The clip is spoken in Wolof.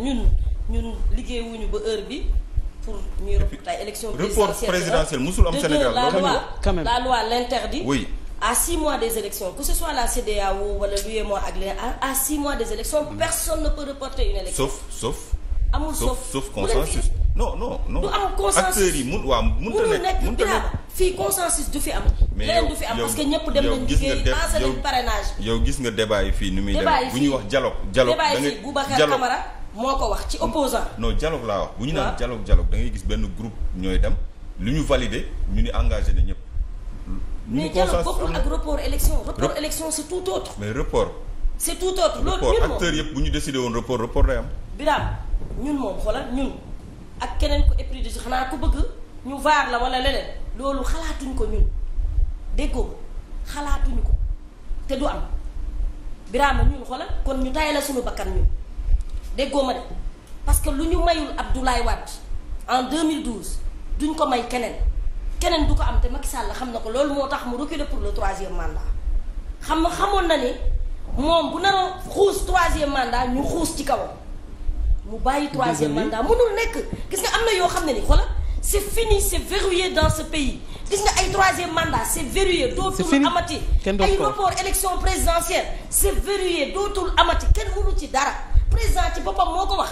ñun ñun liggéeyuñu ba heure bi pour ñuy reporter ay élections présidentielles présidentielle musul am Sénégal la loi la loi l'interdit oui à six mois des élections que ce soit la CEDEAO wala l'UEMOA ak les à six mois des élections mm-hmm. personne ne peut reporter une élection sauf sauf amul sauf sauf consensus non non non du am consensus acteurs yi mun waaw mënta nekk mënta nekk fii consensus du fi am. leneen du fi am parce que ñëpp dem nañu liggéey passé yow gis nga débat yi fii ni muy demee bu ñuy wax dialogue. dialogue da moo ko wax ci opposant non dialogue laa wax bu ñu naan dialogue dialogue da ngay gis benn group ñooy dem lu ñu validé ñu ni engagé na ñëpp mais dialogue bokkul ak report élection report élection c'est tout autre mais report c'est tout autre loolu ñun moom acteurs yëpp bu ñu décidé woon report report day am biraam ñun moom xoolal ñun ak keneen ko épris de xanaa ku bëgg ñu vaar la wala leneen loolu xalaatuñ ko ñun déggoo xalaatuñu ko te du am biraama ñun xoolal kon ñu tay la suñu bakkan ñun déggoo ma de parce que lu ñu mayul Abdoulaye Wade en 2012 duñ ko may keneen keneen du ko am te Macky Sall la xam na ko loolu moo tax mu reculer pour le troisième mandat xam nga xamoon na ni moom bu naroon xuus troisième mandat ñu xuus ci kawam mu bàyyi troisième mandat mënul nekk gis nga am na yoo xam ne ni xoolal c'est fini c'est verrouillé dans ce pays gis nga ay mandat c'est verrouillé dootul amati ay report élection présidentielle c'est verrouillé dootul amati kenn mënu ci dara président ci boppam moo